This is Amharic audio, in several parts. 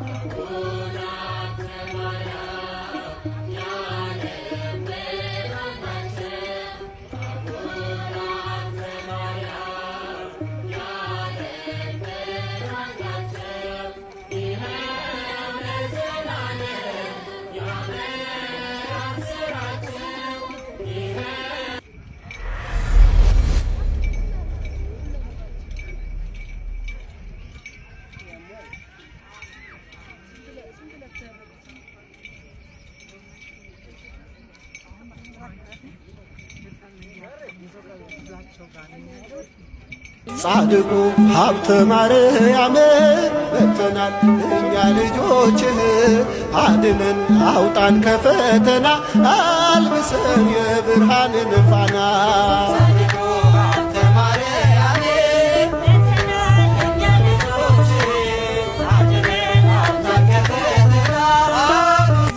Oh. ጻድቁ ሀብተ ማርያም መጥተናል እኛ ልጆችህ አድነን አውጣን ከፈተና አልብሰን የብርሃንን ፋና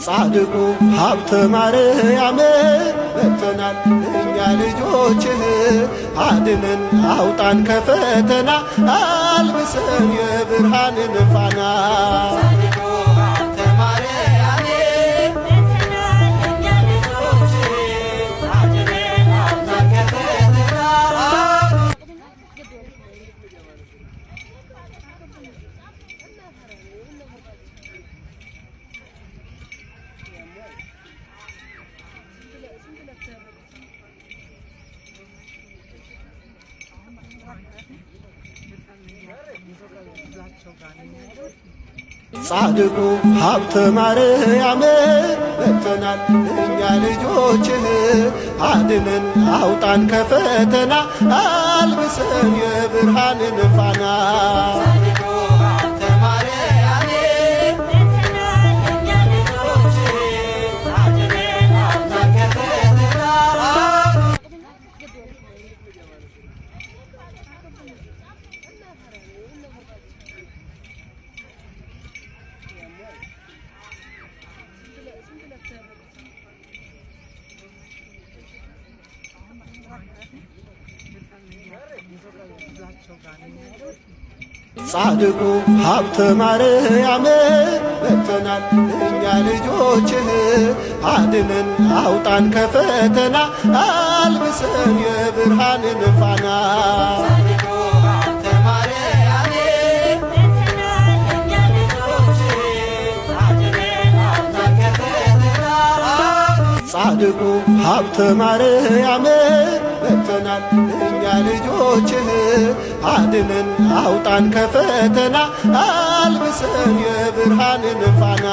ጻድቁ ሀብተ ማርያም ተጠርተናል እኛ ልጆችህ አድነን አውጣን ከፈተና አልብሰን የብርሃንን ፋና ጻድቁ ሀብተ ማርያም መጥተናል እኛ ልጆችህ አድነን አውጣን ከፈተና አልብሰን የብርሃንን ፋና ጻድቁ ሀብተ ማርያም መጥተናል እኛ ልጆችህ አድነን አውጣን ከፈተና አልብሰን የብርሃንን ፋና ጻድቁ ሀብተ ማርያም መጥተናል ልጆችህ አድነን አውጣን ከፈተና አልብሰን የብርሃንን ፋና